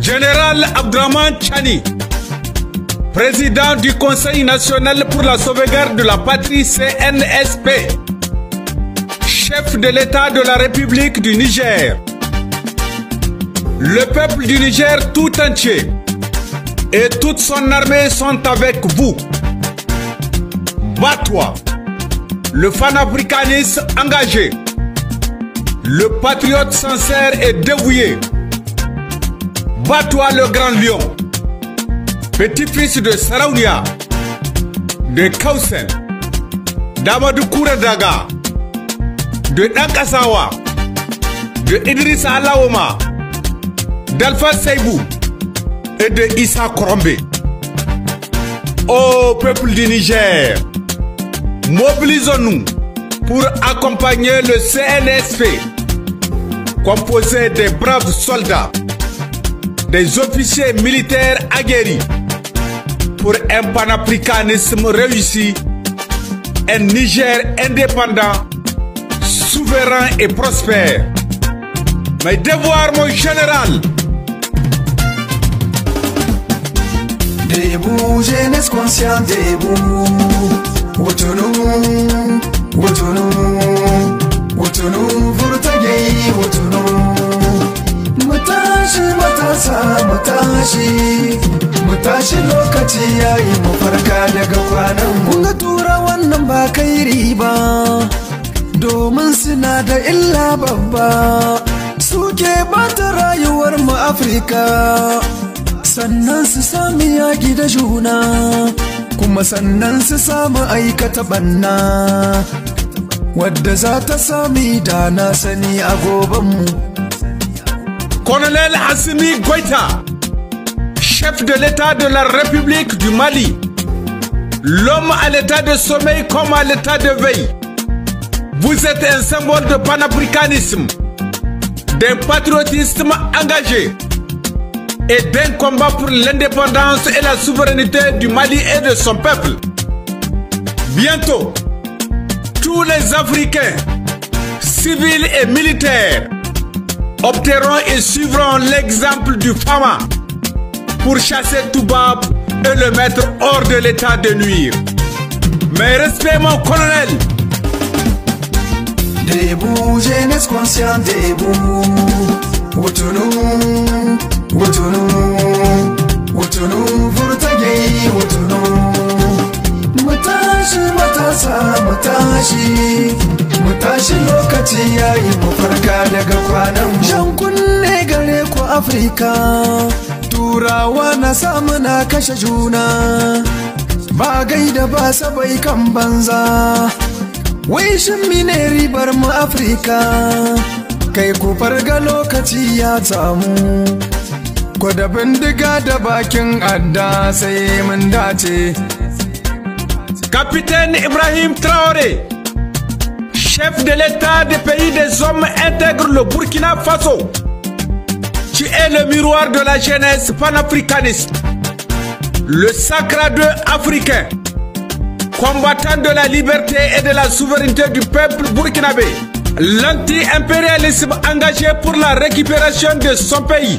Général Abdraman Chani Président du Conseil national pour la sauvegarde de la patrie CNSP Chef de l'État de la République du Niger Le peuple du Niger tout entier et toute son armée sont avec vous. Bat-toi, le africaniste engagé. Le patriote sincère et dévoué. bat-toi le grand lion. Petit-fils de Saraounia, de Kausen, d'Amadou Kouradaga, de Nakasawa, de Idriss Alaoma, d'Alpha Seibou et de Issa Korombe. Ô oh, peuple du Niger, mobilisons-nous pour accompagner le CNSP, composé des braves soldats, des officiers militaires aguerris, pour un panafricanisme réussi, un Niger indépendant, souverain et prospère. Mes devoirs, mon général, Debout, jeunesse consciente, debout, autonome, wutunu wutunu furtage wutunu matashi matasa matashi matashi lokaci yayi mu farka daga kwanan mu ga tura wannan ba kai riba domin suna da illa babba suke bata rayuwar mu afirka sannan su sami yaki da juna colonel Asimi Goita, chef de l'état de la république du Mali l'homme à l'état de sommeil comme à l'état de veille vous êtes un symbole de panafricanisme d'un patriotisme engagé et d'un combat pour l'indépendance et la souveraineté du Mali et de son peuple. Bientôt, tous les Africains, civils et militaires, opteront et suivront l'exemple du Fama pour chasser Toubab et le mettre hors de l'état de nuire. Mais respect mon colonel Debout, jeunesse consciente, debout, retenons wutunu wutunu furtage wutunu Mutashi matasa mutashi, mutashi lokaci yayi mu farka daga kwanan shan kunne gare ku afirka turawa na samu na kashe juna ba gaida ba sabai kan banza wai shin mine ribar mu afirka kai ku farga lokaci ya samu Capitaine Ibrahim Traoré, chef de l'État des pays des hommes intègre le Burkina Faso. Tu es le miroir de la jeunesse panafricaniste, le sacra de africain, combattant de la liberté et de la souveraineté du peuple burkinabé, l'anti-impérialisme engagé pour la récupération de son pays.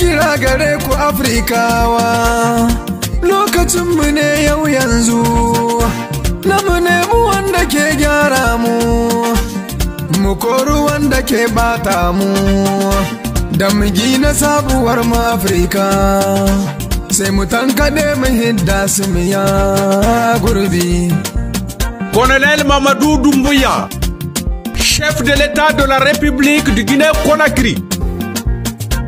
kira gare ku afrikawa lokacinmu ne yau yanzu na mu nemi wanda ke gyara mu mu koru wanda ke bata mu da mu gina sabuwar mu afirka sai mu tankaɗe mu hidda su mu ya gurbi colonel mamadou Doumbouya, chef de l'état de la république du guinée conakry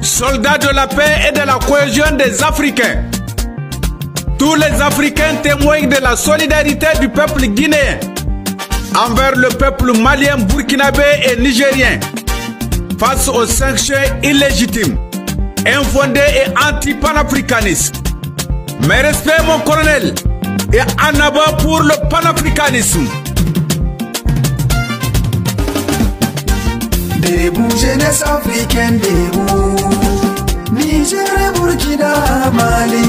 Soldats de la paix et de la cohésion des Africains. Tous les Africains témoignent de la solidarité du peuple guinéen envers le peuple malien, burkinabé et nigérien face aux sanctions illégitimes, infondées et anti-panafricanistes. Mes respects, mon colonel, et en avant pour le panafricanisme. Debu jeunesse africaine Debu Niger et Burkina Mali